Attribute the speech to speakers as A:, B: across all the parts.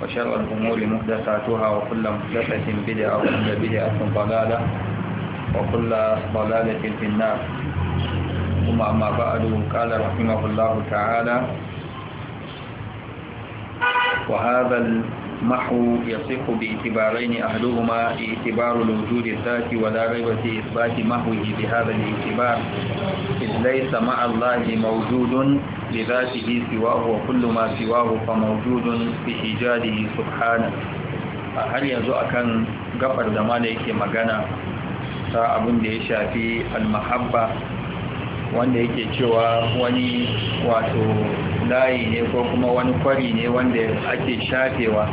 A: وشر الأمور محدثاتها وكل محدثة بدعة وكل بدعة ضلالة وكل ضلالة في النار ثم أما بعد قال رحمه الله تعالى وهذا محو يصح باعتبارين أحدهما اعتبار الوجود الذاتي ولا ريب في إثبات محوه بهذا الاعتبار إذ ليس مع الله موجود لذاته سواه وكل ما سواه فموجود بإيجاده سبحانه هل يزوء كان قبر زمان يكي مغانا ta abin da ya shafi almahabba wanda yake cewa wani wato layi ne ko kuma wani kwari ne wanda ake shafewa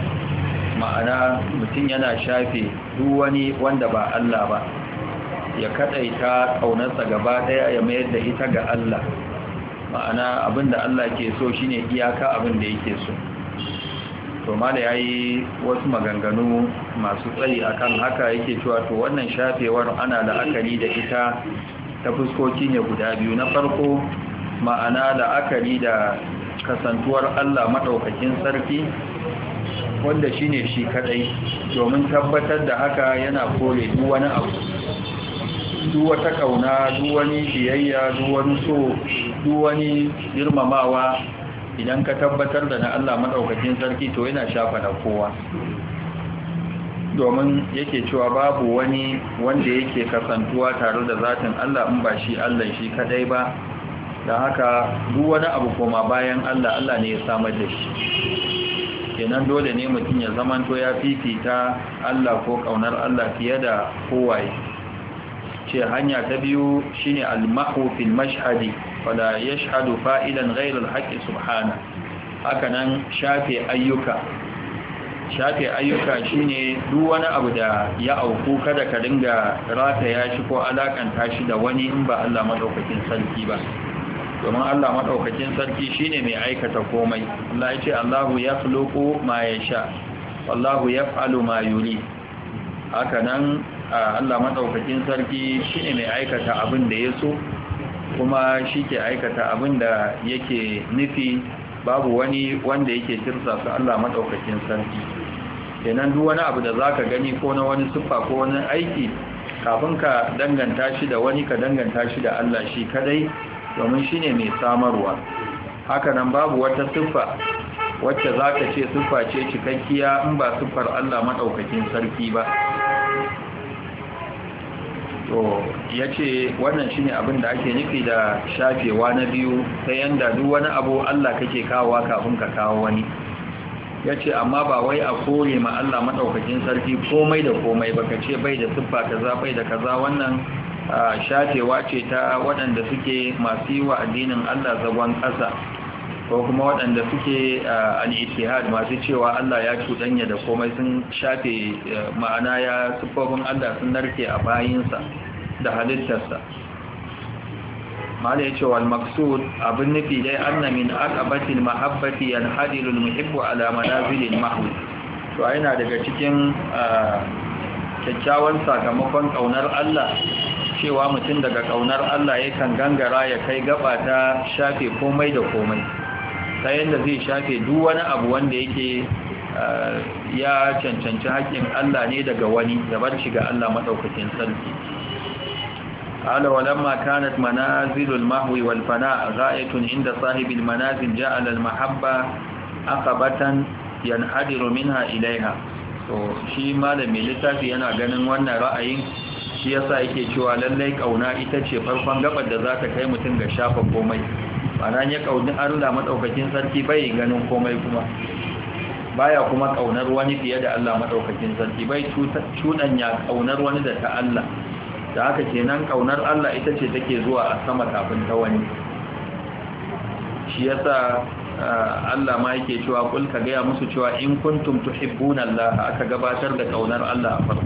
A: ma'ana mutum yana shafe duk wani wanda ba Allah ba ya kadaita kaunarsa gaba daya ya mayar da ita ga Allah ma'ana abinda Allah ke so shine iyaka abinda yake so to ma da yayi wasu maganganu masu tsayi akan haka yake cewa to wannan shafewar ana la'akari da ita ta fuskoki ne guda biyu na farko ma'ana la'akari da kasantuwar Allah maɗaukakin sarki wanda shi ne shi kaɗai domin tabbatar da haka yana kore duk wani abu duk wata ƙauna duk wani biyayya duk wani so duk girmamawa idan ka tabbatar da na Allah maɗaukakin sarki to yana shafa na kowa domin yake cewa babu wani wanda yake kasantuwa tare da zatin Allah in ba shi Allah shi kadai ba da haka duk wani abu koma bayan Allah Allah ne ya samar da shi kenan dole ne mutum ya zamanto ya fifita Allah ko kaunar Allah fiye da kowaye ce hanya ta biyu shine al-mahu fil mashhadi wala yashhadu fa'ilan ghayra al subhana haka nan shafe ayyuka shafe ayyuka shine duk wani abu da ya auku kada ka dinga rataya shi ko alakanta shi da wani in ba Allah madaukakin sarki ba domin Allah madaukakin sarki shine mai aikata komai Allah ya ce Allahu yakhluqu ma yasha wallahu yaf'alu ma yuri haka nan Allah madaukakin sarki shine mai aikata abin da yaso kuma shi ke aikata abin da yake nufi babu wani wanda yake tirsa su Allah madaukakin sarki kenan duk wani abu da zaka gani ko na wani siffa ko wani aiki kafin ka danganta shi da wani ka danganta shi da Allah shi kadai domin shine mai samarwa haka nan babu wata siffa wacce zaka ce siffa ce cikakkiya in ba siffar Allah maɗaukakin sarki ba to ya ce wannan shine abin da ake nufi da shafewa na biyu ta yanda duk wani abu Allah kake kawowa kafin ka kawo wani ya ce amma ba wai a kore ma Allah maɗaukakin sarki komai da komai ba ka ce bai da siffa kaza bai da kaza wannan shafewa ce ta waɗanda suke masu yi wa addinin Allah zagon ƙasa ko kuma waɗanda suke al masu cewa Allah ya cuɗanya da komai sun shafe e, ma'ana ya siffofin Allah sun narke a bayinsa da halittarsa mala ya wal maksud abin nufi dai anna min aqabati mahabbati yan al muhibbu ala manazil al to yana daga cikin ah, kyakkyawan sakamakon kaunar Allah cewa mutum daga kaunar Allah yakan gangara ya kai gaba ta shafe komai da komai ta yadda zai shafe duk wani abu wanda yake ah, ya cancanci haƙƙin Allah ne daga wani da bar shiga Allah maɗaukakin sarki قال ولما كانت منازل المهو والفناء غاية عند صاحب المنازل جعل المحبة أقبة ينحدر منها إليها shi malami littafi yana ganin wannan ra'ayin shi yasa yake cewa lallai kauna ita ce farkon gabar da za ta kai mutum ga shafa komai ma'ana ya kauni Allah maɗaukakin sarki bai ganin komai kuma baya kuma kaunar wani fiye da Allah maɗaukakin sarki bai cudanya kaunar wani da ta Allah da haka kenan kaunar Allah ita ce take zuwa a sama kafin ta wani shi yasa Allah ma yake cewa kul ka gaya musu cewa in kuntum tuhibbuna Allah aka gabatar da kaunar Allah a farko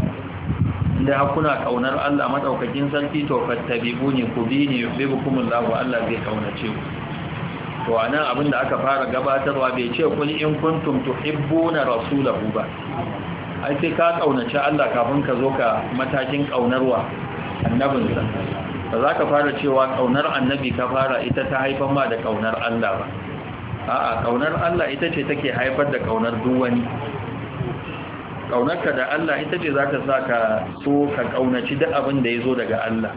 A: inda kuna kaunar Allah madaukakin sarki to fattabi'uni ku bi ni yuhibbukumullahu Allah zai kaunace ku to anan abin da aka fara gabatarwa bai ce kul in kuntum tuhibbuna rasulahu ba ai sai ka kaunace Allah kafin ka zo ka matakin kaunarwa annabinsa ba za ka fara cewa ƙaunar annabi ka fara ita ta haifar ma da ƙaunar Allah ba a'a ƙaunar Allah ita ce take haifar da ƙaunar duwani kaunarka da Allah ita ce za ka sa ka so ka ƙaunaci duk abin da ya zo daga Allah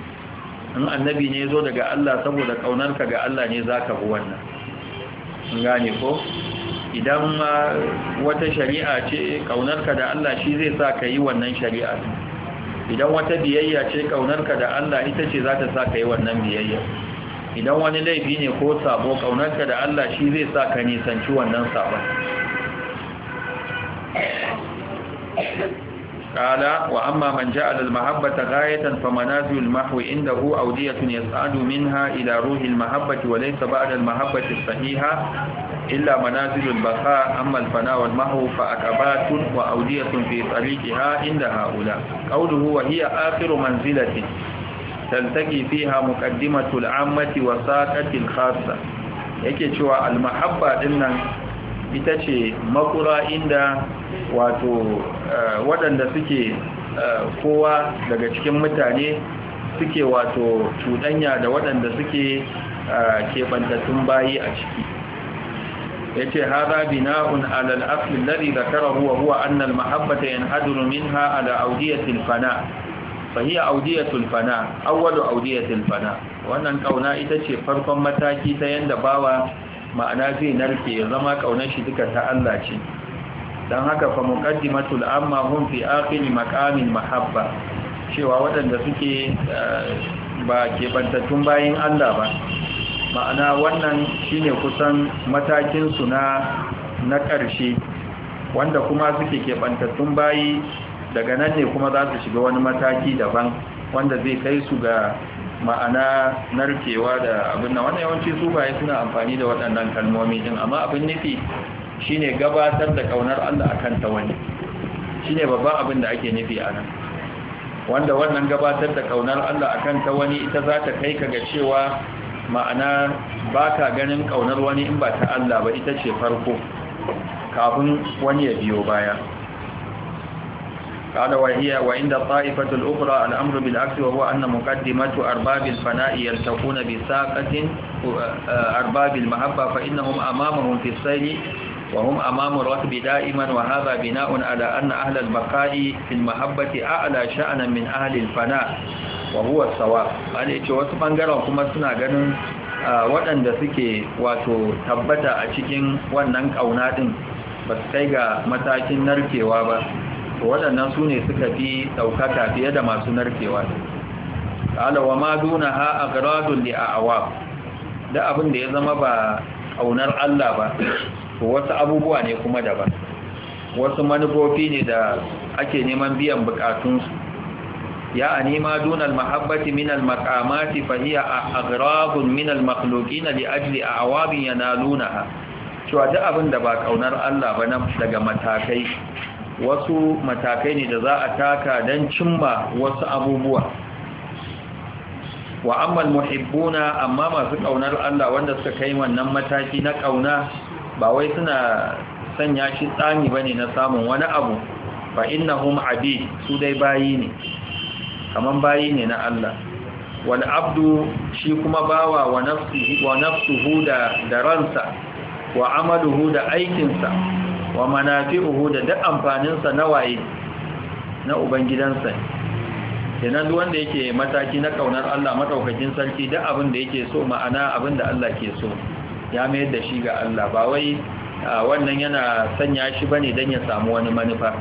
A: in annabi ne ya zo daga Allah saboda kaunarka ga Allah ne za ka bi wannan gane ko idan wata shari'a ce kaunarka da Allah shi zai sa ka yi wannan shari'a idan wata biyayya ce kaunarka da Allah ita ce za ta sa ka yi wannan biyayya idan wani laifi ne ko sabo kaunarka da Allah shi zai sa ka nisanci wannan sabon قال وأما من جعل المحبة غاية فمنازل المحو عنده أودية يسعد منها إلى روح المحبة وليس بعد المحبة samiha. إلا منازل البقاء أما الفناء والمحو فأكبات وأودية في طريقها عند هؤلاء قوله وهي آخر منزلة تلتقي فيها مقدمة العامة وساقة الخاصة yake cewa almahabba din ita ce makura inda wato waɗanda suke kowa daga cikin mutane suke wato cuɗanya da waɗanda suke keɓantattun bayi a ciki yace hada bina'un ala al da alladhi dhakarahu wa huwa anna al-mahabbata yanhaduru minha ala awdiyati al-fana fa hiya awdiyatu al-fana awwalu awdiyati fana wannan kauna ita ce farkon mataki ta yanda bawa ma'ana zai narke ya zama kaunar shi duka ta Allah ce dan haka fa muqaddimatul amma hum fi akhir maqamil mahabba cewa waɗanda suke eh, ba kebantattun bayin Allah ba ma'ana wannan shine kusan matakinsu na na ƙarshe wanda kuma suke keɓantattun bayi daga nan ne kuma za su shiga wani mataki daban wanda zai kai su ga ma'ana narkewa da abin nan wannan yawanci su baye suna amfani da waɗannan kalmomi din amma abin nufi shine gabatar da ƙaunar Allah kan ta wani shine babban abin da ake nufi a nan wanda wannan gabatar da ƙaunar Allah a ta wani ita za ta kai ka ga cewa ma'ana ba ka ganin ƙaunar wani in ba ta Allah ba ita ce farko kafin wani ya biyo baya قال وهي وعند الطائفة الأخرى الأمر بالعكس وهو أن مقدمة أرباب الفناء يلتقون بساقة أرباب المحبة فإنهم أمامهم في السيل وهم أمام الركب دائما وهذا بناء على أن أهل البقاء في المحبة أعلى شأنا من أهل الفناء wa sawa ana ce wasu bangaren kuma suna ganin waɗanda suke wato tabbata a cikin wannan ƙauna ɗin ba su kai ga matakin narkewa ba waɗannan su ne suka fi ɗaukaka fiye da masu narkewa ala wa duna ha a garadun da da abin da ya zama ba ƙaunar Allah ba wasu abubuwa ne kuma daban wasu manufofi ne da ake neman biyan bukatunsu يعني ما دون المحبة a المقامات فهي أغراض من المخلوقين لأجل أعواب ينالونها cewa duk abin da ba kaunar Allah ba nan daga matakai wasu matakai ne da za a taka don cimma wasu abubuwa wa ammal muhibbuna amma masu kaunar Allah wanda suka kai wannan mataki na kauna ba wai suna sanya shi tsani bane na samun wani abu fa innahum abid su dai bayi ne kaman bayi ne na Allah wal abdu shi kuma bawa wa nafsihi wa nafsuhu da daransa wa amaluhu da aikinsa wa manafi'uhu da duk amfaninsa na waye na ubangidansa kenan duk wanda yake mataki na kaunar Allah madaukakin sarki duk abin da yake so ma'ana abin da Allah ke so ya mayar da shi ga Allah ba wai wannan yana sanya shi bane dan ya samu wani manufa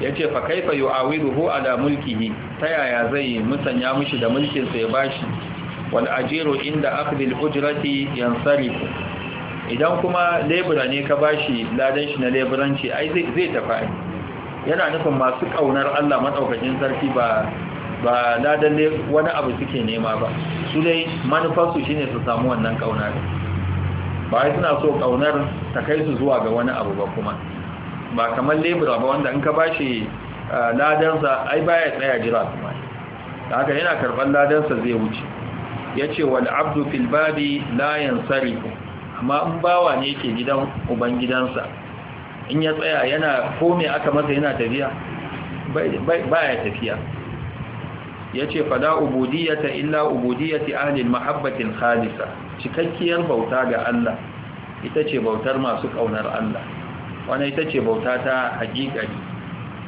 A: ya ce fa kaifa yi awiruhu ala mulkihi ta yaya zai musanya mushi da mulkin mulkinsa ya bashi wani ajiru inda akhdil ujrati yansarifu idan kuma lebura ne ka bashi ladan shi na leburanci ai zai tafi yana nufin masu kaunar Allah maɗaukacin sarki ba ba ladan wani abu suke nema ba su dai manufarsu shi ne su samu wannan ƙaunar. ba suna so kaunar ta kai su zuwa ga wani abu ba kuma ba kamar lebura ba wanda in ka ba shi ladansa ai baya tsaya jira kuma da haka yana karban ladansa zai wuce ya ce abdu filbabi layan sari amma in bawa ne ke gidan ubangidansa in ya tsaya yana ko aka masa yana tafiya baya tafiya ya ce fada ubudiyata illa ubudiyati ahlil mahabbatin halisa cikakkiyar bauta ga Allah ita ce bautar masu kaunar Allah wannan ita ce bauta ta hakikari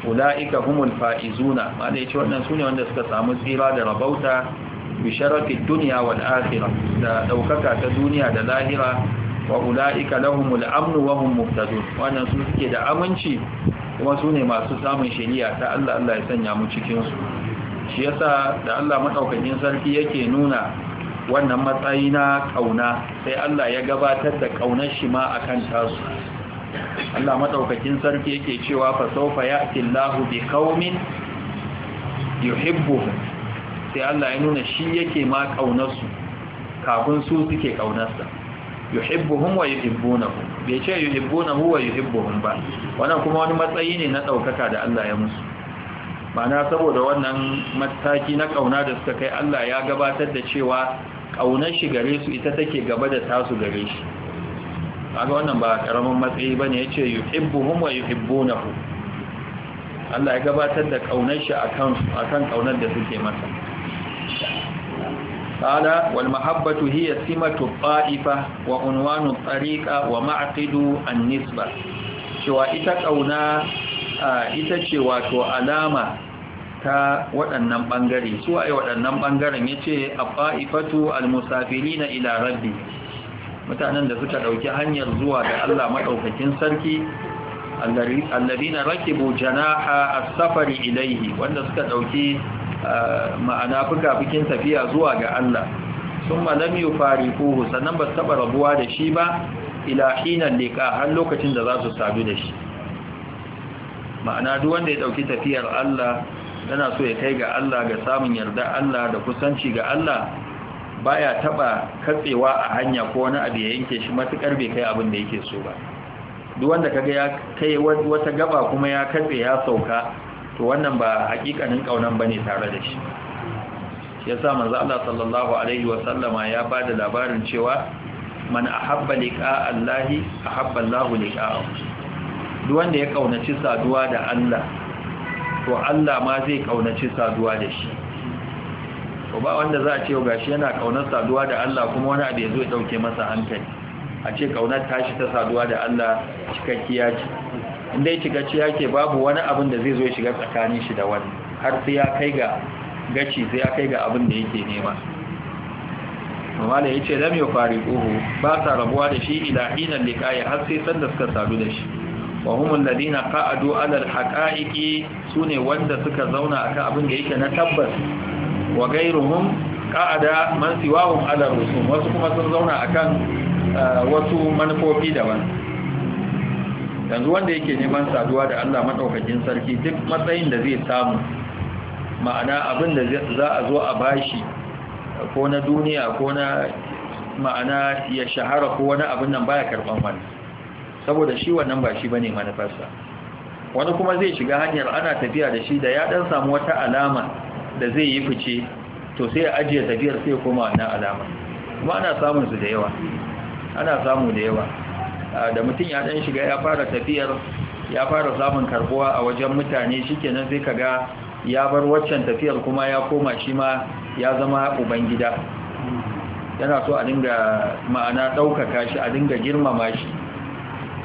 A: ula'ika humul fa'izuna ma'ana ya ce wannan su ne wanda suka samu tsira da rabauta bi duniya wal akhirah da ɗaukaka ta duniya da lahira wa ula'ika lahumul amnu wa hum muhtadun wannan su suke da aminci kuma su ne masu samun shari'a ta Allah Allah ya sanya mu cikin su shi yasa da Allah maɗaukakin sarki yake nuna wannan matsayi na kauna sai Allah ya gabatar da ƙaunar shi ma akan tasu Allah madaukakin sarki yake cewa fa sawfa ya'ti Allahu bi qaumin yuhibbuhum sai Allah ya nuna shi yake ma kaunarsu kafin su suke kaunarsa yuhibbuhum wa yuhibbunahu bai ce yuhibbunahu wa yuhibbuhum ba wannan kuma wani matsayi ne na daukaka da Allah ya musu ma'ana saboda wannan mataki na kauna da suka kai Allah ya gabatar da cewa kaunar shi gare su ita take gaba da tasu gare shi kaga wannan ba karamin matsayi ba bane yace yuhibbuhum na ku. Allah ya gabatar da kaunar shi a kan kaunar da suke masa قال والمحبة هي wa الطائفة وعنوان الطريقة ومعقد النسبة cewa ita ƙauna ita ce wato alama ta waɗannan ɓangare su a waɗannan ɓangaren ya ce a fa'ifatu almusafiri ila rabbi mutanen da suka ɗauki hanyar zuwa da Allah maɗaukakin sarki allazina rakibu janaha as-safari ilaihi wanda suka ɗauki ah, ma'ana fukafukin tafiya zuwa ga Allah summa lam yufariquhu sannan ba su taɓa rabuwa da shi ba ila hinan liqa har lokacin da za su sadu da shi ma'ana duk wanda ya ɗauki tafiyar Allah yana so ya kai ga Allah ga samun yarda Allah da kusanci ga Allah baya taba katsewa a hanya ko wani abu ya yanke shi matukar bai kai abin da yake so ba duk wanda kaga ya kai wata gaba kuma ya katse ya sauka to wannan ba hakikanin kaunan bane tare da shi yasa manzo Allah sallallahu alaihi wa sallama ya bada labarin cewa man ahabba liqa Allah ahabba Allah liqa'ahu duk wanda ya kaunaci saduwa da Allah to Allah ma zai kaunaci saduwa da shi to ba wanda za a ce gashi yana kaunar saduwa da Allah kuma wani abu ya zo ya dauke masa hankali a ce kaunar tashi ta saduwa da Allah cikakkiya ce inda ya cikakkiya ke babu wani abin da zai zo ya shiga tsakanin shi da wani har sai ya kai ga gaci sai ya kai ga abin da yake nema mamala ya ce lam ya fari ba sa rabuwa da shi ila hinan liƙaya har sai sanda suka sadu da shi wa humul ladina qa'adu ala al-haqa'iqi sune wanda suka zauna akan abin da yake na tabbas wa gairuhum qa'ada man siwahum ala rusum wasu kuma sun zauna akan eh, wasu manufofi daban yanzu wanda yake neman saduwa da Allah madaukakin sarki duk matsayin da zai samu ma'ana abin da za a zo a bashi ko na duniya ko na ma'ana ya shahara ko wani abin nan baya karban wani, saboda shi wannan ba shi bane manufarsa wani kuma zai shiga hanyar ana tafiya da shi da ya dan samu wata alama da zai yi fice to sai ya ajiye tafiyar sai koma wannan alama kuma ana samun su da yawa ana samu da yawa da mutum ya dan shiga ya fara tafiyar ya fara samun karbuwa a wajen mutane shikenan sai kaga ya bar waccan tafiyar kuma ya koma shi ma ya zama ubangida yana so a dinga ma'ana ɗaukaka shi a dinga girmama shi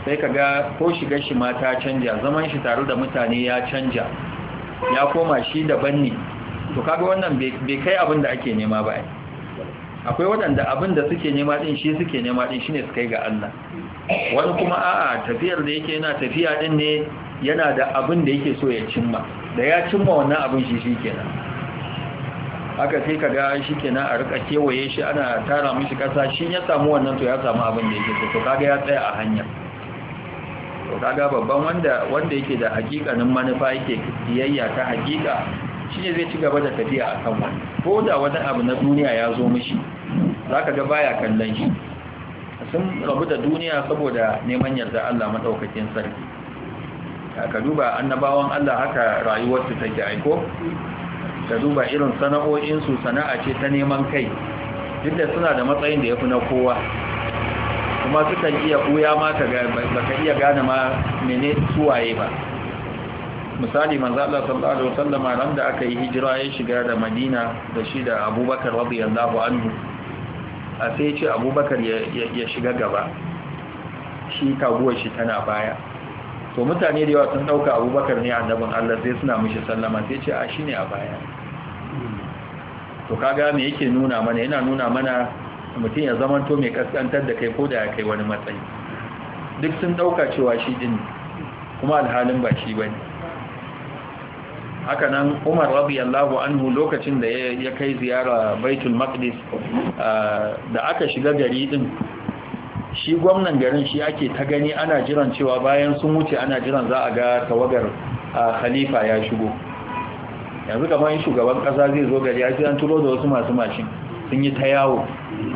A: sai ka ga ko shiga shi ma ta canja zaman shi tare da mutane ya canja ya koma shi daban ne to kaga wannan bai kai abin da ake nema ba akwai waɗanda abin da suke nema ɗin shi suke nema ɗin shi ne su kai ga Allah wani kuma a'a tafiyar da yake yana tafiya ɗin ne yana da abin da yake so ya cimma da ya cimma wannan abin shi shi kenan haka sai ka ga shi kenan a rika kewaye shi ana tara mishi ƙasa shi ya samu wannan to ya samu abin da yake so to kaga ya tsaya a hanya to kaga babban wanda wanda yake da hakikanin manufa yake biyayya ta hakika shi ne zai ci gaba da tafiya a kan wani ko da wani abu na duniya ya zo mishi za ka ga baya kallon shi sun rabu da duniya saboda neman yarda Allah maɗaukakin sarki ka duba annabawan Allah haka rayuwarsu take aiko ka duba irin sana'o'insu sana'a ce ta neman kai duk da suna da matsayin da ya fi na kowa kuma sukan iya ɓuya ma ka iya gane ma mene suwaye ba misali manzo Allah sallallahu alaihi wasallam ran da aka yi hijira ya shiga da Madina da shi da Abubakar radiyallahu anhu a sai ya ce Abubakar ya shiga gaba shi taguwar shi tana baya to mutane da yawa sun dauka Abubakar ne annabin Allah sai suna mishi sallama sai ce a shine a baya to kaga me yake nuna mana yana nuna mana mutum ya zamanto mai kaskantar da kai ko da ya kai wani matsayi duk sun dauka cewa shi din kuma alhalin ba shi bane haka nan umar radiyallahu anhu lokacin da ya kai ziyara baitul maqdis ah, da aka shiga gari din shi gwamnan garin shi ake ta gani ana jiran cewa bayan sun wuce ana jiran za a ga tawagar ah, khalifa ya shigo yanzu kamar shugaban kasa zai zo gari ya an turo da wasu masu mashin sun yi ta yawo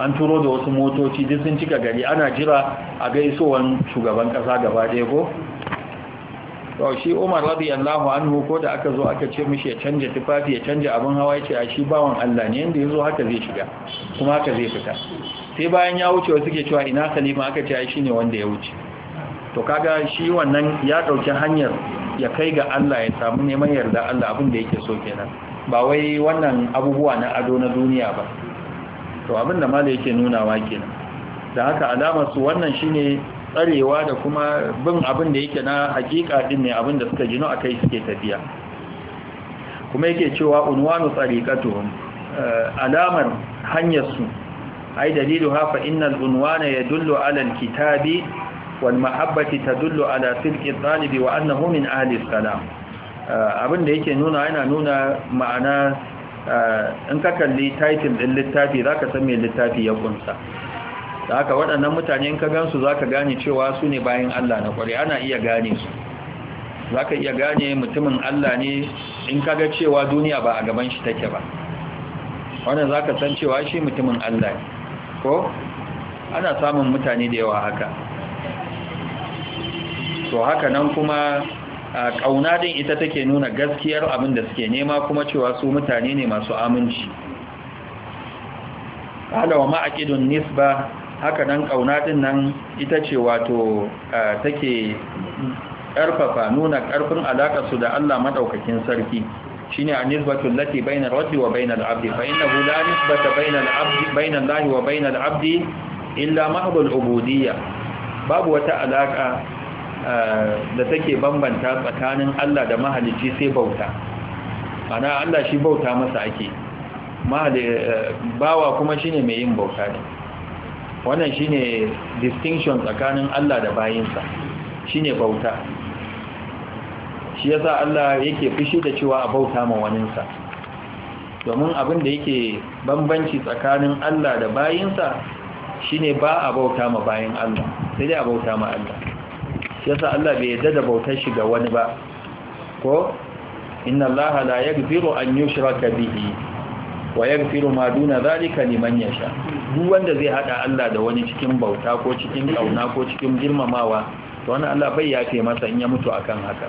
A: an turo da wasu motoci duk sun cika gari ana jira a gaisowan shugaban kasa gaba ɗaya ko to shi Umar radiyallahu anhu ko da aka zo aka ce mishi ya canja tufafi ya canja abin hawa ce a shi bawan Allah ne yanda ya zo haka zai shiga kuma haka zai fita sai bayan ya wuce suke cewa ina Salima aka ce a shi ne wanda ya wuce to kaga shi wannan ya dauki hanyar ya kai ga Allah ya samu neman yarda Allah abin da yake so kenan ba wai wannan abubuwa na ado na duniya ba to abin da mala yake nunawa kenan da haka alamar su wannan shine tsarewa da kuma bin abin da yake na hakika din ne abin da suka jino akai suke tafiya kuma yake cewa unwanu tsariqatuhum eh, alamar hanyar su ai dalilu hafa innal unwana yadullu ala alkitabi wal mahabbati tadullu ala silqi talibi wa annahu min ahli salam eh, abin da yake nuna yana nuna ma'ana eh, in ka kalli title din littafi zaka san me littafi ya kunsa da haka waɗannan mutane ka gansu za ka gane cewa su ne bayan Allah na ƙware ana iya gane su za ka iya gane mutumin Allah ne in ka ga cewa duniya ba a gaban shi take ba wannan za ka san cewa shi mutumin Allah ne ko ana samun mutane da yawa haka to haka nan kuma ƙauna din ita take nuna gaskiyar abin da suke nema kuma cewa su mutane ne masu aminci قال وما أكيد النسبة haka nan kauna ɗin nan ita ce wato take ƙarfafa nuna ƙarfin alaƙarsu su da Allah maɗaukakin sarki shine ne a nisbatun lati bainar rajuli wa bainar abdi fa innahu la nisbata bainar lahi wa bainar abdi illa mahdhu al-ubudiyya babu wata alaƙa da take bambanta tsakanin Allah da mahalicci sai bauta ana Allah shi bauta masa ake bawa kuma shine mai yin bauta ne wannan shine distinction tsakanin Allah da bayinsa shine bauta shi yasa Allah yake fushi da cewa a bauta ma waninsa domin abin da yake bambanci tsakanin Allah da bayinsa shine ba a bauta ma bayin Allah sai dai a bauta ma Allah shi yasa Allah bai yarda da bautar shi ga wani ba ko inna Allah la yaghfiru an yushraka bihi wa yaghfiru ma duna zalika liman yasha duk wanda zai hada Allah da wani cikin bauta ko cikin kauna ko cikin girmamawa to wannan Allah bai yafe masa in ya mutu akan haka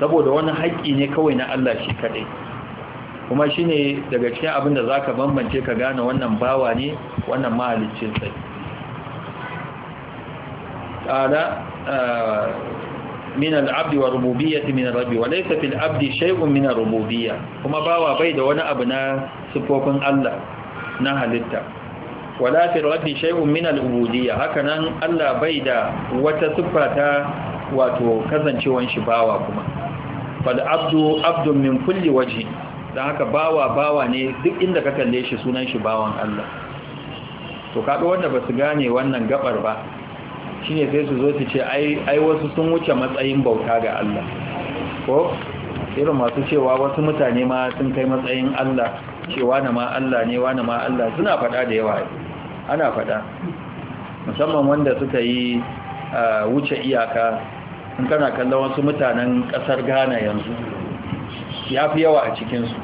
A: saboda wani haƙƙi ne kawai na Allah shi kadai kuma shine daga cikin abin da zaka bambance ka gane wannan bawa ne wannan mahaliccin sai قال min al'abdi wa rububiyyati min rabbi wa laysa fil abdi shay'un min ar-rububiyya kuma bawa bai da wani abu na sifofin Allah na halitta wala fil rabbi shay'un min al-ubudiyya hakanan Allah bai da wata siffa ta wato kazancewan shi bawa kuma fal abdu abdun min kulli waje, dan haka bawa bawa ne duk inda ka kalle shi sunan shi bawan Allah to kaga wanda su gane wannan gabar ba Shi ne sai su zo su ce ai wasu sun wuce matsayin bauta ga Allah ko irin masu cewa wasu mutane ma sun kai matsayin Allah cewa na ma Allah ne wani ma Allah suna faɗa da yawa ana faɗa musamman wanda suka yi wuce iyaka in kana kallon wasu mutanen kasar Ghana yanzu ya fi yawa a cikinsu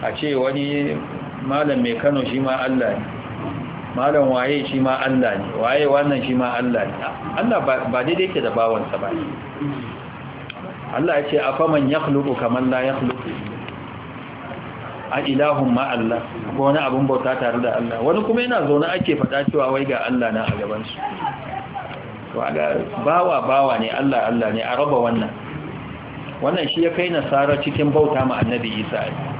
A: a ce wani malam mai kano shi ma Allah ne malam waye shi ma Allah ne waye wannan shi ma Allah ne Allah ba daidai ke da bawansa ba Allah ya ce afaman yakhluqu kaman la yakhluqu a ilahun ma Allah ko wani abun bauta tare da Allah wani kuma yana zaune ake faɗa cewa wai ga Allah na a gaban
B: su
A: bawa bawa ne Allah Allah ne a raba wannan wannan shi ya kai nasara cikin bauta ma annabi Isa ne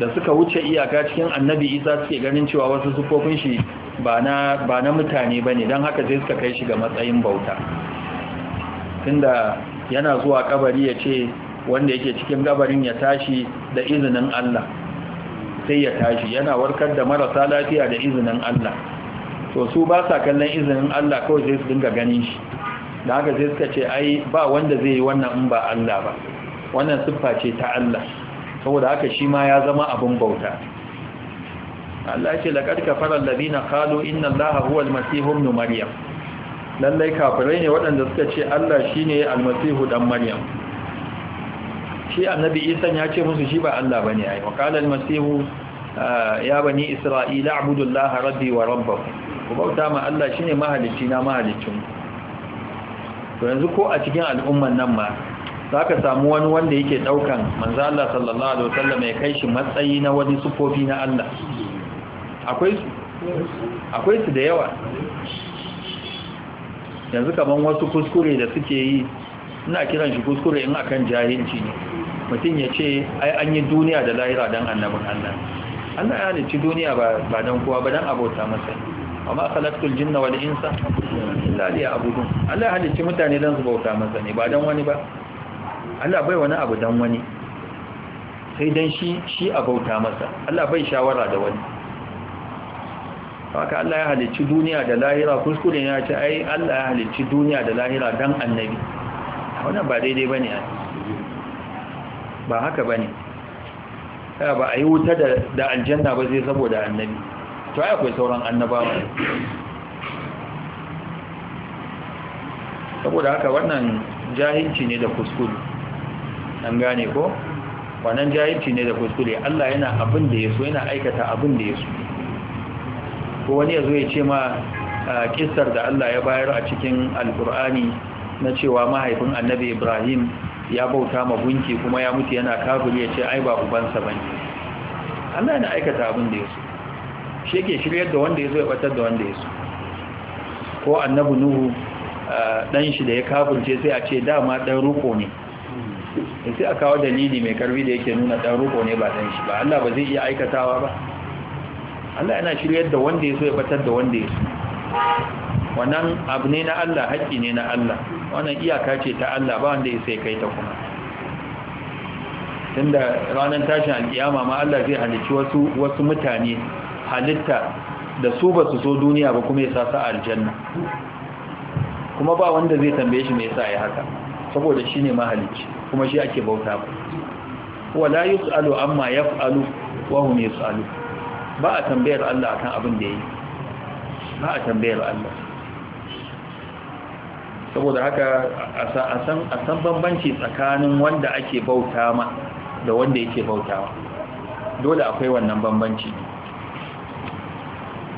A: da suka wuce iyaka cikin annabi isa suke ganin cewa wasu sufofin shi ba na mutane ba ne don haka sai suka kai shi ga matsayin bauta tunda yana zuwa kabari ya ce wanda yake cikin kabarin ya tashi da izinin Allah sai ya tashi yana warkar da marasa lafiya da izinin Allah to su ba sa kallon izinin Allah kawai sai su dinga ganin shi da haka sai suka ce ai ba wanda zai yi wannan in ba Allah ba wannan siffa ce ta Allah saboda haka shi ma ya zama abin bauta Allah ce laqad kafara alladhina qalu inna allaha huwa almasih ibn maryam lallai kafirai ne waɗanda suka ce Allah shine almasihu dan maryam shi annabi isa ya ce musu shi ba Allah bane ai waqala almasihu ah, ya bani isra'ila a'budullaha rabbi wa rabbakum ku bauta ma Allah shine mahalicci na mahalicci. to yanzu ko a cikin al'umman nan ma za ka samu wani wanda yake ɗaukan manzan Allah sallallahu alaihi wasallam ya kai shi matsayi na wani sufofi na Allah akwai su da yawa yanzu kamar wasu kuskure da suke yi ina kiran shi kuskure in akan jahilci ne mutum ya ce ai an yi duniya da lahira don annabin Allah Allah ya halicci duniya ba don kowa ba don abota masa amma salatul jinna wani insa illa liya'budun Allah ya halicci mutane don su bauta masa ne ba don wani ba Allah bai wani abu dan wani sai dan shi shi a bauta masa Allah bai shawara da wani haka Allah ya halicci duniya da lahira kuskure ya ce ai Allah ya halicci duniya da lahira dan annabi wannan ba daidai bane ba haka bane ba a yi wuta da aljanna ba sai saboda annabi to ai akwai sauran ba saboda haka wannan jahilci ne da kuskure an gane ko wannan jahilci ne da kuskure Allah yana abin da yaso yana aikata abin da yaso ko wani yazo ya ce ma kissar da Allah ya bayar a cikin alkur'ani na cewa mahaifin annabi Ibrahim ya bauta ma gunki kuma ya mutu yana kafiri ya ce ai ba sa bane Allah yana aikata abin da yaso shi yake shiryar da wanda yaso ya batar da wanda yaso ko annabi Nuhu dan shi da ya kafirce sai a ce dama dan ruko ne sai a kawo dalili mai karfi da yake nuna ɗan roƙo ne ba ɗan shi ba Allah ba zai iya aikatawa ba Allah yana shiryar da wanda ya so ya batar da wanda ya so wannan abu ne na Allah haƙƙi ne na Allah wannan iyaka ce ta Allah ba wanda ya kai ta kuma tunda ranar tashin alƙiyama ma Allah zai halicci wasu wasu mutane halitta da su ba su so duniya ba kuma ya sa su aljanna kuma ba wanda zai tambaye shi me yasa ya haka saboda shine mahalicci kuma shi ake bauta ba wala yus'alu amma yaf'alu wa hum yus'alu ba a tambayar Allah akan abin da yake ba a tambayar Allah saboda haka a san a san bambanci tsakanin wanda ake bauta ma da wanda yake bautawa dole akwai wannan bambanci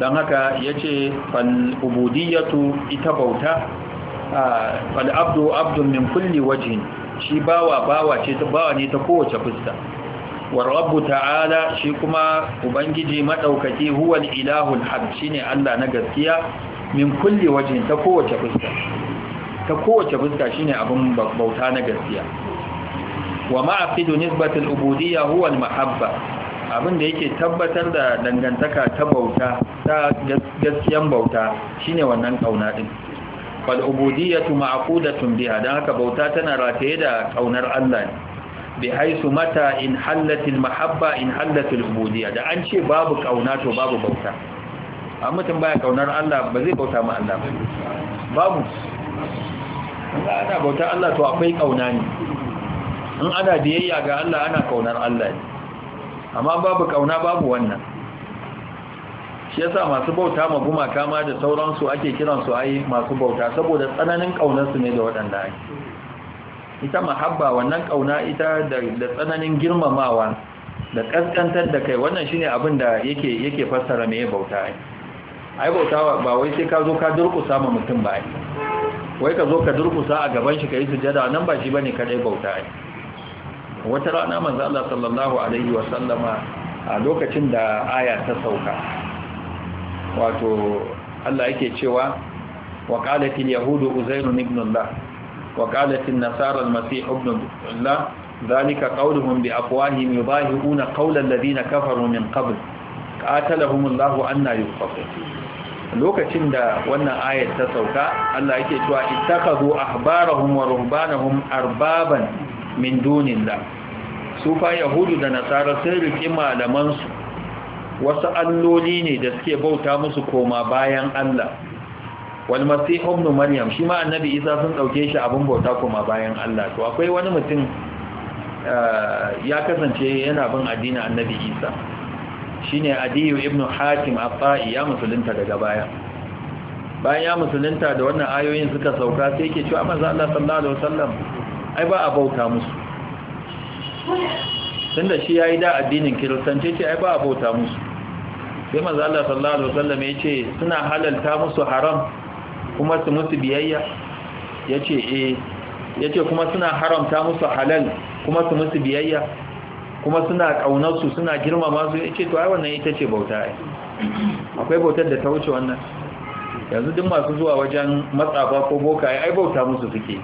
A: don haka ya ce fal'ubudiyatu ita bauta fal abdu abdun min kulli wajhin shi bawa bawa ce ta bawa ne ta kowace fuska wa rabbu ta'ala shi kuma ubangiji madaukaki huwal ilahul haq shine Allah na gaskiya min kulli wajhin ta kowace fuska ta kowace fuska shine abin bauta na gaskiya wa ma'aqidu nisbatul ubudiyya huwa al-mahabba abin da yake tabbatar da dangantaka ta bauta ta gaskiyan bauta shine wannan kauna din fal ubudiyatu ma'qudatun biha dan haka bauta tana rataye da ƙaunar Allah ne bi haisu mata in hallatin mahabba in hallatin ubudiya da an ce babu ƙauna to babu bauta a mutum baya ƙaunar Allah ba zai bauta ma Allah babu ana bauta Allah to akwai ƙauna ne in ana biyayya ga Allah ana ƙaunar Allah ne amma babu ƙauna babu wannan shi yasa masu bauta ma gumaka ma da sauransu ake kiran kiransu ai masu bauta saboda tsananin ƙaunarsu ne da waɗanda ake, ita mahabba wannan ƙauna ita da tsananin girmamawa da ƙasƙantar da kai wannan shine abin da yake yake fassara me bauta ai ai bauta ba wai sai ka zo ka durƙusa ma mutum ba ai wai ka zo ka durƙusa a gaban shi ka sujada nan ba shi bane kadai bauta ai wata rana manzo Allah sallallahu alaihi wa sallama a lokacin da aya ta sauka wato Allah yake cewa wa qalat al-yahud ibn Allah wa qalat nasara al-masih ibn Allah dhalika qawluhum bi afwahihim yudahiruna qawla alladhina kafaru min qabl qatalahum Allah anna yuqatil lokacin da wannan ayat ta sauka Allah yake cewa ittakhadhu ahbarahum wa ruhbanahum arbaban min dunillah su fa yahudu da nasara sai rike malaman su wasu alloli ne da suke bauta musu koma bayan Allah wal masih ibn maryam shi ma annabi isa sun dauke shi abin bauta koma bayan Allah to akwai wani mutum eh, ya kasance yana bin addinin annabi isa shine adiyu ibn hatim afai ya musulunta daga baya bayan ya musulunta da wannan ayoyin suka sauka sai yake cewa manzo Allah sallallahu alaihi wasallam ai ba a bauta musu tunda shi yayi da addinin kiristanci ce ai ba a bauta musu sai manzo Allah sallallahu alaihi wasallam ya ce suna halalta musu haram kuma su musu biyayya yace eh yace kuma suna haramta musu halal kuma su musu biyayya kuma suna kaunar su suna girmama su yace to ai wannan ita ce bauta ai akwai bautar da ta wuce wannan yanzu duk masu zuwa wajen matsafa ko boka ai bauta musu suke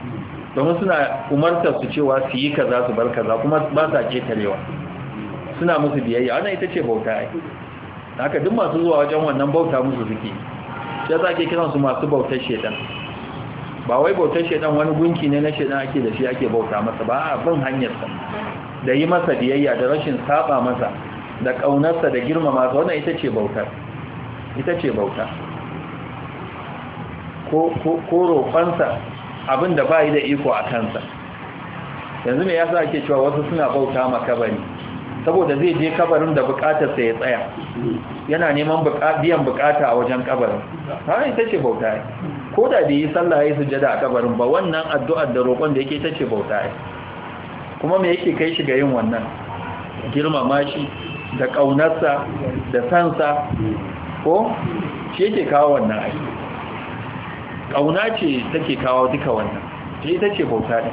A: domin suna umartar su cewa su yi kaza su bar kaza kuma ba sa ketarewa suna musu biyayya wannan ita ce bauta ai haka duk masu zuwa wajen wannan bauta musu suke shi za ake kiran su masu bautar shedan ba wai bautar shedan wani gunki ne na shedan ake da shi ake bauta masa ba a bin hanyar da yi masa biyayya da rashin saba masa da ƙaunarsa da girmama sa wannan ita ce bautar ita ce bauta ko ko ko da abinda ba yi da iko a kansa yanzu me yasa ake cewa wasu suna bauta makabari saboda zai je kabarin da bukatarsa ya tsaya yana neman biyan bukata a wajen kabarin ha ita ce bauta yi. ko da bai yi sallah ya yi sujada a kabarin ba wannan addu'ar da roƙon da yake ta ce bauta yi. kuma me yake kai shiga yin wannan girmama shi da ƙaunarsa da sansa ko shi yake kawo wannan aiki ƙauna ce take kawo duka wannan shi ita ce bauta yi.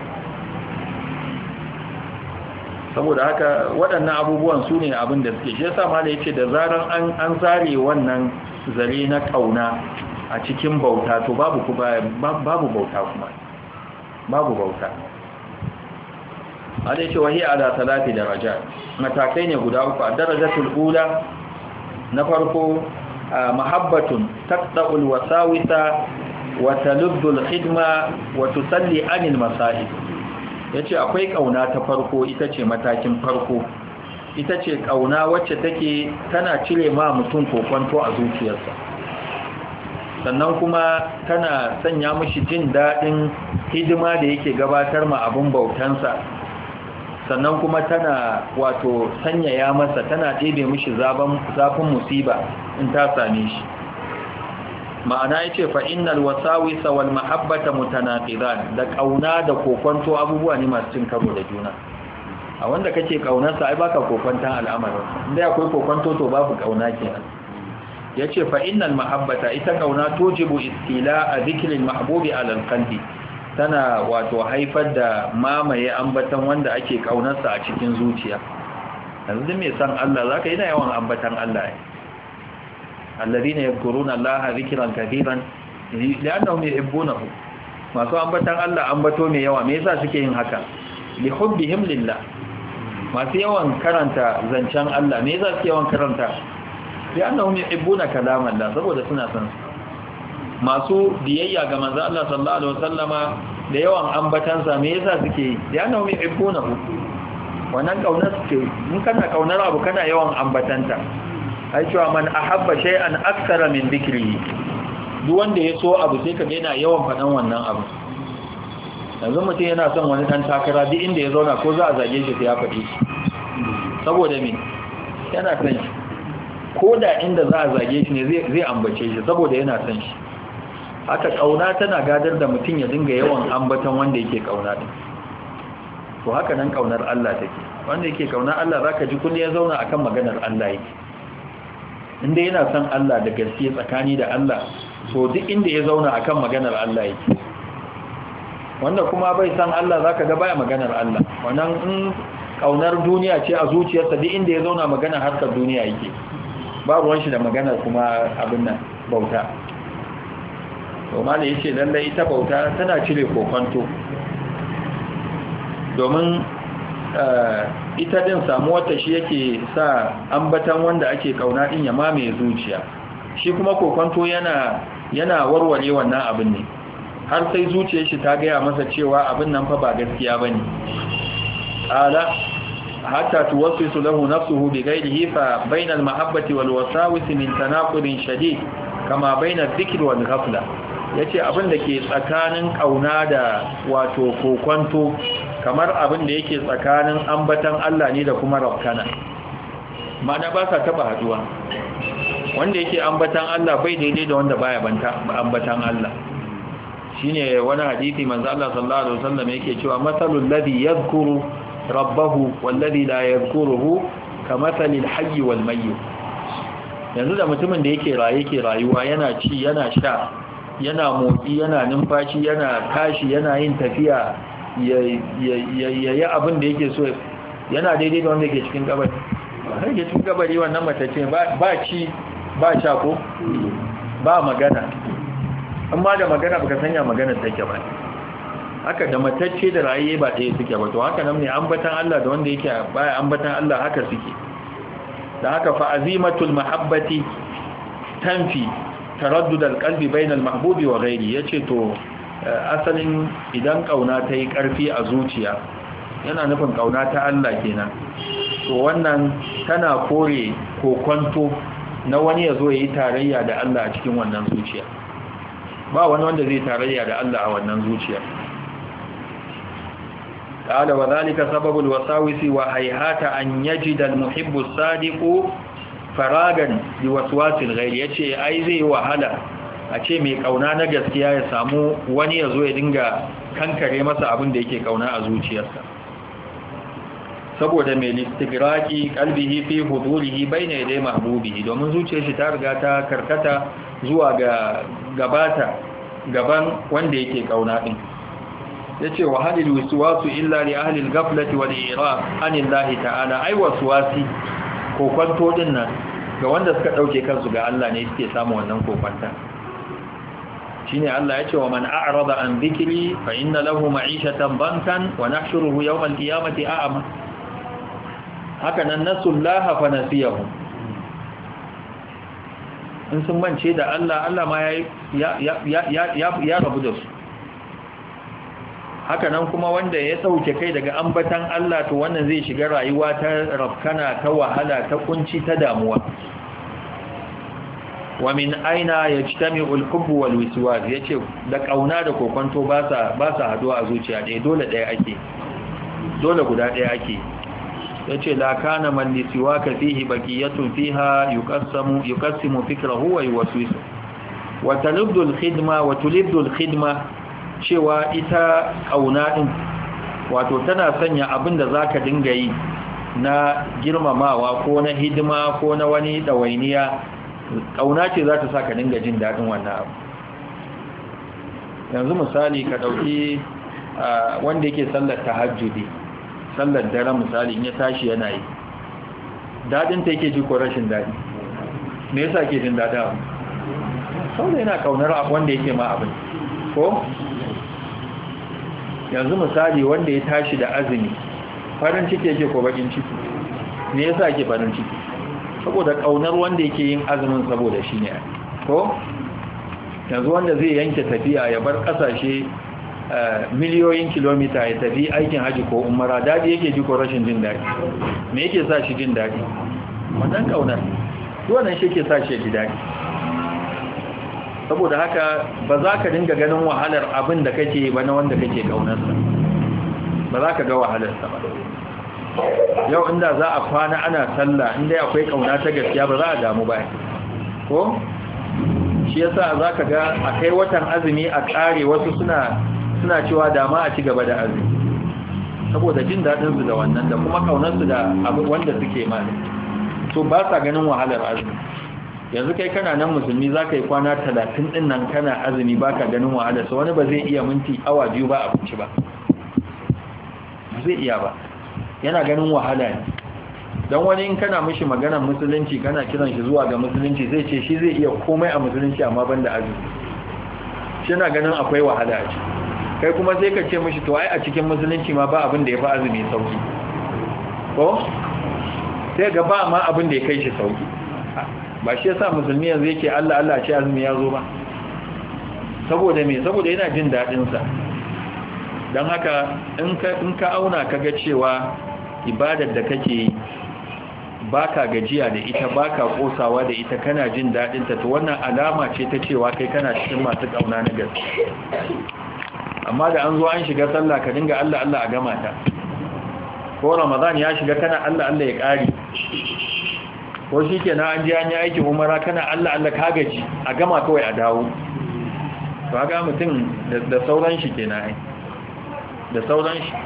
A: saboda haka waɗannan abubuwan su ne abin da suke shi yasa ya ce da zarar an zare wannan zare na ƙauna a cikin bauta to babu bauta kuma babu bauta Allah yace wahi ala salati daraja matakai ne guda uku a darajatul ula na farko mahabbatun taqta'ul wasawita wata lubdul khidma wa tusalli anil masa'ib ya ce akwai ƙauna ta farko ita ce matakin farko ita ce ƙauna wacce take tana cire ma mutum kokwanto a zuciyarsa sannan kuma tana sanya mushi jin daɗin hidima da yake gabatar ma abin bautansa sannan kuma tana wato sanyaya masa tana ɗebe mushi zafin musiba in ta same shi ma'ana yace fa innal wasawis wal mahabbata mutanaqidan da ƙauna da kokonto abubuwa ne masu cin karo da juna a wanda kake ƙaunarsa ai baka kokontan al'amarin inda akwai kokonto to babu kauna kenan yace fa innal mahabbata ita kauna tojibu istila a dhikril mahbubi ala tana wato haifar da mamaye ambatan wanda ake ƙaunarsa a cikin zuciya yanzu mai san Allah zaka na yawan ambatan Allah ne alladhina yadhkuruna allaha dhikran katiran li'annahum yuhibbunahu masu ambatan Allah ambato mai yawa me yasa suke yin haka li hubbihim masu yawan karanta zancen Allah me yasa suke yawan karanta li'annahum yuhibbuna kalaman Allah saboda suna son masu biyayya ga manzo Allah sallallahu alaihi wasallama da yawan ambatansa me yasa suke yi li'annahum wannan kaunar ce in kana kaunar abu kana yawan ambatanta ai cewa man ahabba shay'an akthara min dhikrihi duk wanda ya so abu sai kaga yana yawan fadan wannan abu yanzu mutum yana son wani dan takara duk inda ya zauna ko za a zage shi sai ya faɗi shi saboda me yana son shi ko da inda za a zage shi ne zai ambace shi saboda yana son shi haka kauna tana gadar da mutum ya dinga yawan ambatan wanda yake kauna da. to haka nan kaunar Allah take wanda yake kauna Allah zaka ji kun ya zauna akan maganar Allah yake inda yana son Allah da gaske tsakani da Allah to duk inda ya zauna akan maganar Allah yake wanda kuma bai san Allah zaka ga baya maganar Allah wannan in kaunar duniya ce a zuciyarsa duk inda ya zauna magana harkar duniya yake ba ruwan da maganar kuma abin nan bauta to ya yace lallai ita bauta tana cire kokonto domin Eh, ita din samuwar ta shi yake sa ambatan wanda ake kauna din ya mamaye zuciya shi kuma kokonto yana yana warware wannan abin ne har sai zuciyar shi ta gaya masa cewa abin nan fa ba gaskiya bane ala hatta tuwassisu lahu nafsuhu bi ghayrihi fa bainal mahabbati wal wasawisi min tanaqudin shadid kama bainal dhikri wal ghafla ya ce abin da ke tsakanin ƙauna da wato kokonto kamar abin da yake tsakanin ambatan Allah ne da kuma rabkana ma'ana ba sa taɓa haduwa wanda yake ambatan Allah bai daidai da wanda baya ambatan Allah Shi ne wani hadisi manzu Allah sallallahu alaihi wasallam yake cewa masalul ladhi yadhkuru rabbahu wal ladhi la yadhkuruhu kamathalil hayy wal mayyit yanzu da mutumin da yake raye yake rayuwa yana ci yana sha yana motsi yana numfashi yana tashi yana yin tafiya ya yi abin da yake so yana daidai da wanda ke cikin kabari har ke cikin kabari wannan matacce ba ci ba sha ko ba magana amma da magana baka sanya magana take ba haka da matacce da raye ba ɗaya suke ba to haka nan ne ambatan Allah da wanda yake baya ambatan Allah haka suke da haka fa azimatul mahabbati tanfi taraddudal kalbi bainal mahbubi wa ghairi yace to eh, asalin idan kauna tayi karfi a zuciya yana nufin kauna ta Allah kenan to wannan tana kore kokonto na wani ya zo ya yi tarayya da Allah a cikin wannan zuciya ba wani wanda zai tarayya da Allah a wannan zuciya قال وذلك سبب الوساوس وهيهات أن يجد المحب الصادق faragan bi waswasil ghair yace ai zai wahala a ce mai kauna na gaskiya ya samu wani ya zo ya dinga kankare masa abin da yake kauna a zuciyarsa saboda mai listigraki kalbihi fi hudurihi baina yadai mahbubihi domin zuciyar shi ta riga ta karkata zuwa ga gabata gaban wanda yake kauna din yace wa halil waswasu illa li ahli al-ghaflati wal iraq anillahi ta'ala ai waswasi ko kwanto din nan ga wanda suka ɗauke kansu ga Allah ne suke samun wannan kokwanta ne Allah ya ce wa man a'rada an bikiri fa inna lahu ma'ishatan bankan wa nahshuruhu yawm qiyamati a'ama haka nan nasullaha fa nasiyahu in sun mance da Allah Allah ma ya ya ya ya rabu da su haka nan kuma wanda ya ɗauke kai daga ambatan Allah to wannan zai shiga rayuwa ta rafkana ta wahala ta kunci ta damuwa wa min aina yajtami'u al-hubbu wal wiswas yace da kauna da kokonto ba sa ba sa haduwa a zuciya ɗaya dole ɗaya ake dole guda ɗaya ake yace la kana man lisiwaka fihi baqiyatun fiha yuqassamu yuqassimu fikrahu wa yuwaswisu wa talibdu al-khidma wa tulibdu al-khidma cewa ita ƙauna ɗin wato tana sanya abin da za ka dinga yi na girmamawa ko na hidima ko na wani ɗawainiya ƙauna ce za ta sa ka dinga jin daɗin wannan abu yanzu misali ka ɗauki wanda yake sallar ta hajjudi sallar dare misali in ya tashi yana yi daɗin ta yake ji ko rashin daɗi me yasa ke jin daɗin abu sau da yana ƙaunar wanda yake ma abin ko yanzu misali wanda ya tashi da azumi farin ciki yake ko bakin ciki me yasa yake farin ciki saboda kaunar wanda yake yin azumin saboda shi ne ko yanzu wanda zai yanke tafiya ya bar kasashe eh, miliyoyin kilomita ya tafi aikin haji ko umara dadi yake ji ko rashin jin dadi me yake sa shi jin dadi wannan kaunar wannan shi yake sa shi ji dadi saboda haka ba za ka dinga ganin wahalar abin da kake ba na wanda kake kaunarsa ba za ka ga wahalarsa ba yau inda za a kwana ana sallah inda akwai kauna ta gaskiya ba za a damu ba ko shi yasa za ka ga a kai watan azumi a kare wasu suna suna cewa dama a ci gaba da azumi saboda jin su da wannan da kuma kaunarsu da wanda suke mani to ba sa ganin wahalar azumi yanzu kai kana nan musulmi za ka yi kwana talatin ɗin nan kana azumi ba ka ganin wahala su wani ba zai iya minti awa biyu ba abinci ba ba zai iya ba yana ganin wahala ne don wani in kana mishi maganar musulunci kana kiran shi zuwa ga musulunci zai ce shi zai iya komai a musulunci amma ban da azumi shi yana ganin akwai wahala a ciki kai kuma sai ka ce mishi to ai a cikin musulunci ma ba abin da ya fi azumi sauki ko sai ga ba ma abin da ya kai shi sauki ba shi yasa musulmi yanzu yake Allah Allah ce azumi ya zo ba saboda me saboda yana jin dadin sa dan haka in ka in ka auna kaga cewa ibadar da kake yi baka gajiya da ita baka kosawa da ita kana jin dadin ta to wannan alama ce ta cewa kai kana cikin masu kauna na gaske amma da an zo an shiga sallah ka dinga Allah Allah a gama ta ko Ramadan ya shiga kana Allah Allah ya kare ko shi ke na an ji an yi aikin umara kana allah allah ka gaji a gama kawai a dawo to haka mutum da sauran shi ke na da sauran shi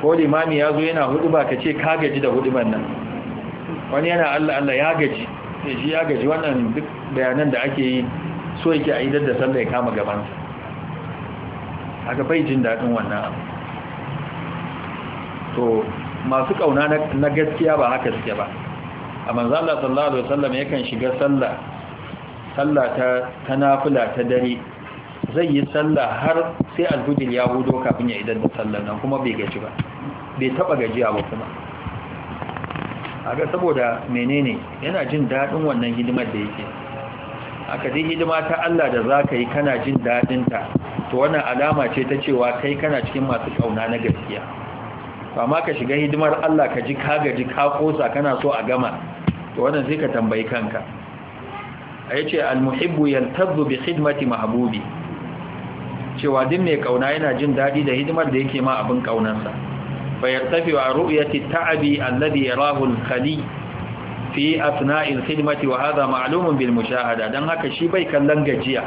A: ko limami ya zo yana hudu ba ka ce ka gaji da hudu nan wani yana allah allah ya gaji ya shi ya gaji wannan duk bayanan da ake yi so yake a idar da sallah ya kama sa haka bai jin daɗin wannan to masu kauna na gaskiya ba haka suke ba a manzala sallallahu alaihi wasallam yakan shiga sallah sallah ta ta ta dare zai yi sallah har sai alhudil ya hudu kafin ya idan da sallah, nan kuma bai gaji ba bai taba gajiya ba kuma a ga saboda menene yana jin daɗin wannan hidimar da yake aka dai hidima ta Allah da za ka yi kana jin daɗinta to wannan alama ce ta cewa kai kana cikin masu ƙauna na gaskiya amma ka shiga hidimar Allah ka ji ka gaji ka kosa kana so a gama to wannan sai ka tambayi kanka yace almuhibbu yaltazu bi khidmati mahbubi cewa duk mai kauna yana jin daɗi da hidimar da yake ma abin kaunarsa fa yartafi wa ru'yati ta'abi alladhi yarahu al-khali fi asna'il khidmati wa hadha ma'lumun bil mushahada dan haka shi bai kallon gajiya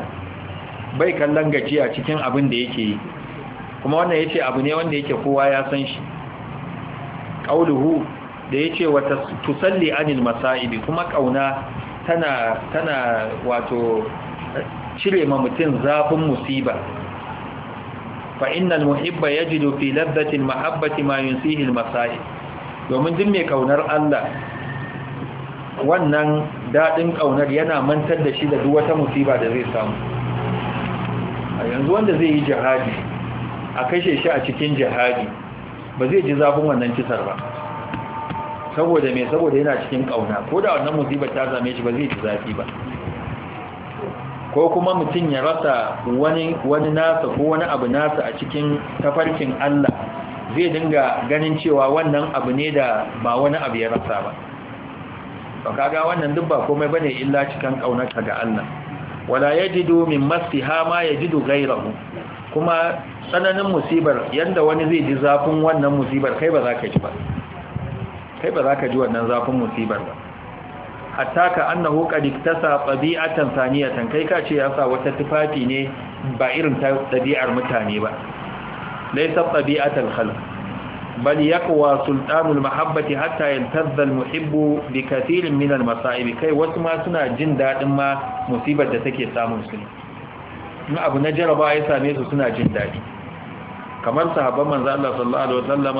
A: bai kallon gajiya cikin abin da yake yi kuma wannan yace abu ne wanda yake kowa ya san shi qauluhu da yace wa tusalli anil masaibi kuma kauna tana tana wato cire ma mutum zafin musiba fa innal muhibba yajidu fi ladhati al mahabbati ma yunsihi al masaib domin duk mai kaunar Allah wannan dadin kaunar yana mantar da shi da duk wata musiba da zai samu a yanzu wanda zai yi jihadi a kashe shi a cikin jihadi ba zai ji zafin wannan kisar ba saboda mai saboda yana cikin ƙauna ko da wannan musibar ta same shi ba zai ji zafi ba ko kuma mutum ya rasa wani nasa ko wani abu nasa a cikin tafarkin Allah zai dinga ganin cewa wannan abu ne da ba wani abu ya rasa ba ba kaga wannan duk ba komai bane illa cikin kaunarka ga Allah wala yajidu min masiha ma yajidu ghayrahu kuma tsananin musibar yadda wani zai ji zafin wannan musibar kai ba za ka ji ba kai ba za ka ji wannan zafin musibar ba hatta ka annahu ta iktasa tabi'atan saniyatan kai ka ce ya sa wata tufafi ne ba irin ta ɗabi'ar mutane ba Lai laysa tabi'atul khalq bal yaqwa sultanul mahabbati hatta yin tazzal muhibbu bi kasirin minal masaibi kai wasu ma suna jin daɗin ma musibar da take samun su ne abu na jaraba ya same su suna jin daɗi kamar sahabban manzo Allah sallallahu alaihi wasallam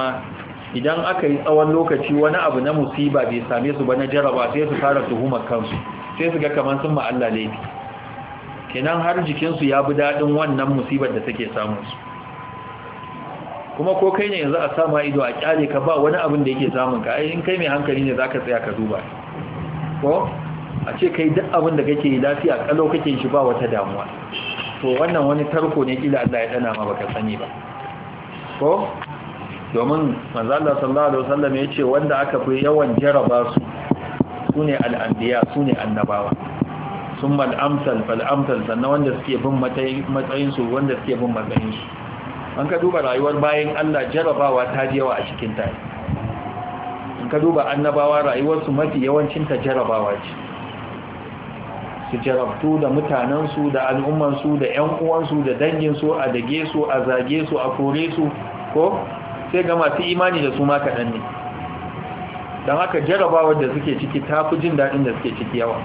A: idan aka yi tsawon lokaci wani abu na musiba bai same su ba na jaraba sai su fara tuhumar kansu sai su ga kamar sun ma Allah laifi kenan har jikinsu ya bi dadin wannan musibar da take samu su kuma ko kai ne yanzu a sama ido a kyale ka ba wani abin da yake samun ka ai in kai mai hankali ne zaka tsaya ka duba ko a ce kai duk abin da kake lafiya kalau kake shi ba wata damuwa to wannan wani tarko ne kila Allah ya dana ma baka sani ba ko domin manzala sallallahu alaihi wasallam ya ce wanda aka fi yawan jaraba su sune al'anbiya sune annabawa sun mal'amsal fal'amsal sannan wanda suke bin matsayinsu wanda suke bin matsayinsu an ka duba rayuwar bayan Allah jarabawa ta yawa a cikin ta an ka duba annabawa rayuwarsu mafi yawancinta jarabawa ce su jarabtu da mutanensu da al'ummansu da 'yan uwansu da danginsu a dage su a zage su a kore su ko sai ga masu imani da su ma kaɗan ne don haka jarabawar da suke ciki ta fi jin daɗin da suke ciki yawa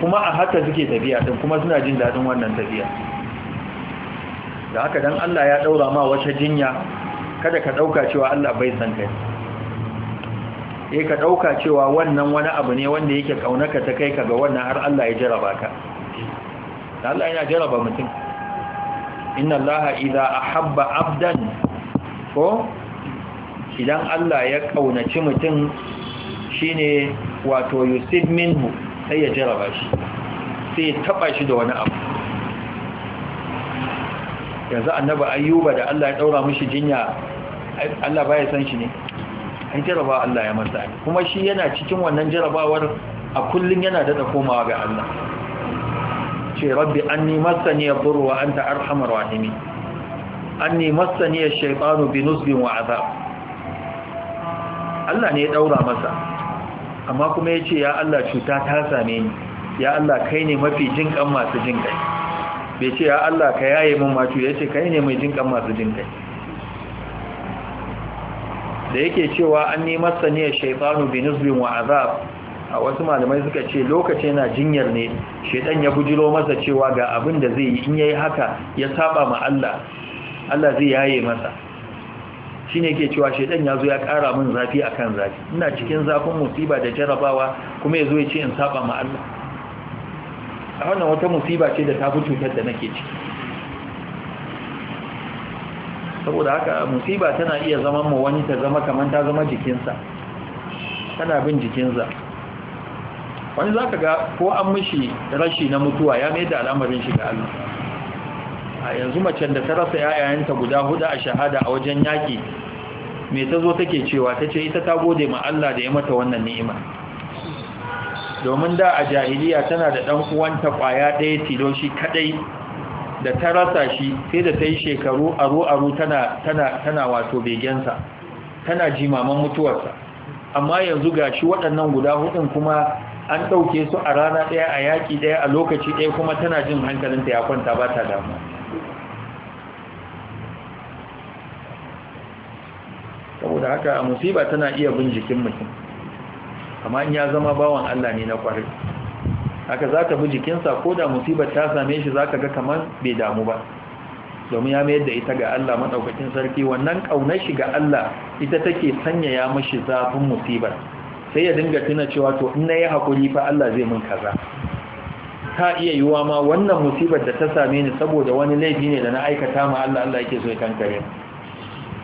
A: kuma a haka suke tafiya ɗin kuma suna jin daɗin wannan tafiya da haka don allah ya ɗaura ma wata jinya kada ka ɗauka cewa allah bai san kai sai ka ɗauka cewa wannan wani abu ne wanda yake ƙaunaka ta kai ka ga wannan har Allah ya jaraba ka Allah yana jaraba mutum inna Allah idza ahabba abdan ko idan Allah ya ƙaunaci mutum shine wato yusid minhu sai ya jaraba shi sai ya taba shi da wani abu yanzu annabi ayyuba da Allah ya daura mishi jinya Allah baya san shi ne an jaraba Allah ya masa kuma shi yana cikin wannan jarabawar a kullun yana da komawa ga Allah ce rabbi anni masani yadurru wa anta arhamar rahimin anni masani ash-shaytanu bi nusbin wa azab Allah ne ya daura masa amma kuma yace ya Allah cuta ta same ni ya Allah kai ne mafi jinkan masu jinkai bai ce ya Allah ka yaye min macu yace kai ne mai jinkan masu jinkai da yake cewa an masa saniyar shaitanu bi nuzbin wa azab a wasu malamai suka ce lokacin yana jinyar ne shaitan ya bujiro masa cewa ga abin da zai yi in yayi haka ya saba ma Allah Allah zai yaye masa shine yake cewa shaitan ya zo ya kara min zafi akan zafi ina cikin zafin musiba da jarabawa kuma yazo ya ce in saba ma Allah a wannan wata musiba ce da ta fi cutar da nake ciki saboda haka musiba tana iya zama ma wani ta zama kamar ta zama jikinsa tana bin jikinsa wani za ka ga ko an mishi rashi na mutuwa ya mai da al'amarin shiga Allah a yanzu macen da ta rasa yayayenta guda hudu a shahada a wajen yaƙi mai ta zo take cewa ta ce ita ta gode ma Allah da ya mata wannan ni'ima domin da a jahiliya tana da ɗan uwanta ƙwaya ɗaya tilo shi kaɗai da ta rasa shi sai da ta yi shekaru aro-aro tana wato begensa tana jimaman mutuwarsa amma yanzu ga shi waɗannan guda hudun kuma an ɗauke su a rana ɗaya a yaƙi ɗaya a lokaci ɗaya kuma tana jin hankalinta ya kwanta ba ta damu saboda haka a musiba tana iya bin jikin mutum amma in ya zama bawan Allah ne na kwarai haka za ka bi jikinsa ko da musibar ta same shi za ka ga kamar bai damu ba domin ya mayar da ita ga Allah maɗaukacin sarki wannan ƙaunar shi ga Allah ita take sanyaya mashi zafin musibar sai ya dinga tuna cewa to in na yi haƙuri fa Allah zai min kaza ta iya yiwuwa ma wannan musibar da ta same ni saboda wani laifi ne da na aikata ma Allah Allah yake so ya kankare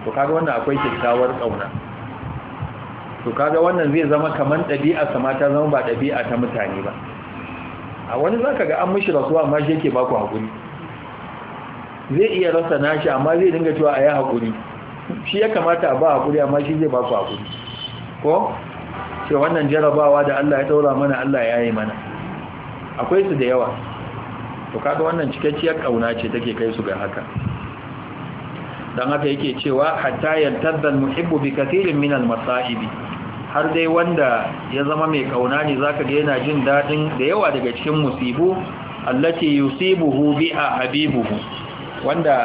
A: to kaga wannan akwai kyakkyawar ƙauna to kaga wannan zai zama kamar ɗabi'a sama ta zama ba ɗabi'a ta mutane ba a wani za ka ga an mishi rasuwa amma shi yake baku haƙuri zai iya rasa nashi amma zai dinga cewa a yi haƙuri shi ya kamata a ba haƙuri amma shi zai baku haƙuri ko ce wannan jarabawa da Allah ya taura mana Allah ya yi mana akwai su da yawa to kaga wannan cikakkiyar ƙauna ce take kai su ga haka dan haka yake cewa hatta yantadda muhibbu bi kathirin min al-masa'ibi har dai wanda ya zama mai kauna ne zaka ga yana jin dadin da yawa daga cikin musibu allati yusibuhu a habibuhu wanda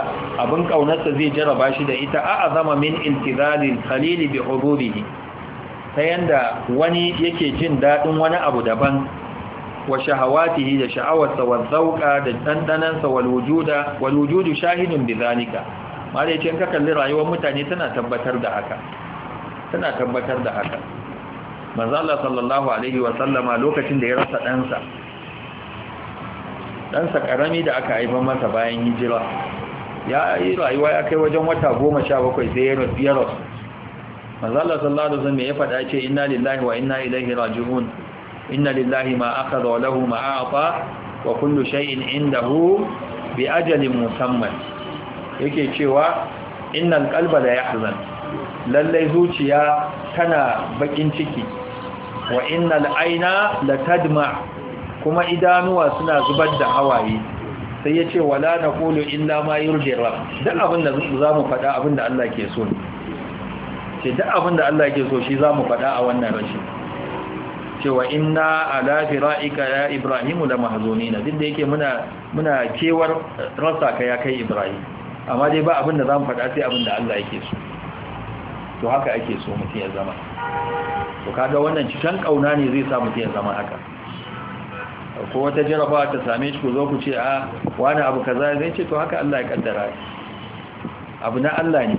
A: abin kaunarsa zai jaraba shi da ita a azama min iltizalil khalil bi hududihi ta yanda wani yake jin dadin wani abu daban wa shahawatihi da sha'awarsa wa zauka da dandanansa wal wujuda wal wujudu shahidun bi zalika ma da ka kalli rayuwar mutane tana tabbatar da haka Tana tabbatar da haka manzala sallallahu alaihi wa sallama lokacin da ya rasa ɗansa ɗansa ƙarami da aka haifar masa bayan hijira ya yi rayuwa ya kai wajen wata goma sha bakwai sai ya rasu manzala sallallahu alaihi wasallam ya faɗa ce inna lillahi wa inna ilaihi raji'un inna lillahi ma aka wa lahu ma a'ta wa kullu shay'in indahu bi ajalin musamman yake cewa innal qalba la yahzan lallai zuciya tana bakin ciki wa innal aina tadma. kuma idanuwa suna zubar da hawaye sai ya ce wala na kolo illa ma yurje rabb duk abin da za mu faɗa abin da Allah ke so ce duk abin da Allah ke so shi za mu faɗa a wannan rashin wa inna ala fira'ika ya ibrahimu da mahzunina duk da yake muna muna kewar rasa ka ya kai ibrahim amma dai ba abin da zamu faɗa sai abin da Allah yake so to haka ake so mutum ya zama to kaga wannan cikin kauna ne zai sa mutum ya zama haka ko wata jarabawa ta same shi ku zo ku ce a wani abu kaza zai ce to haka Allah ya kaddara abu na Allah ne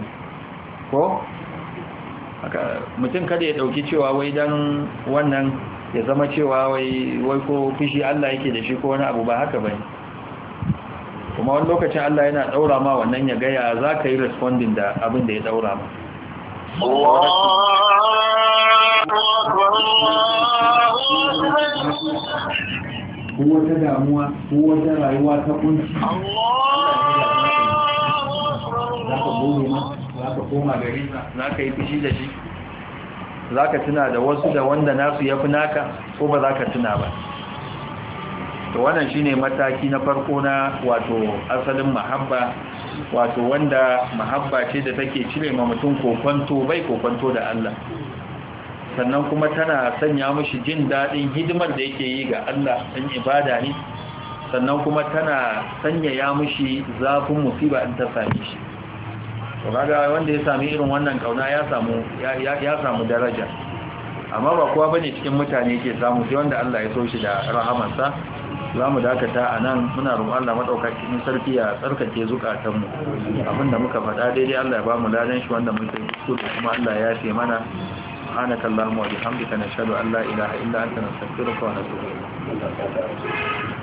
A: ko haka mutum kada ya dauki cewa wai dan wannan ya zama cewa wai wai ko fishi Allah yake da shi ko wani abu ba haka bane kuma wani lokacin Allah yana daura ma wannan ya ga ya zaka yi responding da abin da ya daura ma ko wata damuwa ko wata rayuwa ta kunci za ka gobe ma za ka koma gari za ka yi fushi da shi za ka tuna da wasu da wanda nasu ya fi naka ko ba za ka tuna ba to wannan shine mataki na farko na wato asalin mahabba wato wanda mahabba ce da take cire ma mutum kokonto bai kokonto da Allah sannan kuma tana sanya mishi jin daɗin hidimar da yake yi ga Allah ɗan ibada ne sannan kuma tana sanya ya mishi zafin musiba in ta same shi to kaga wanda ya sami irin wannan kauna ya samu ya samu daraja amma ba kowa bane cikin mutane yake samu sai wanda Allah ya so shi da rahamansa za mu dakata a nan muna roƙon Allah maɗaukakin sarki a tsarkake zukatanmu abinda muka faɗa daidai Allah ya ba mu ladan shi wanda mun kai su kuma Allah ya yafe mana سبحانك اللهم وبحمدك نشهد allah ila إله إلا أنت نستغفرك na
B: su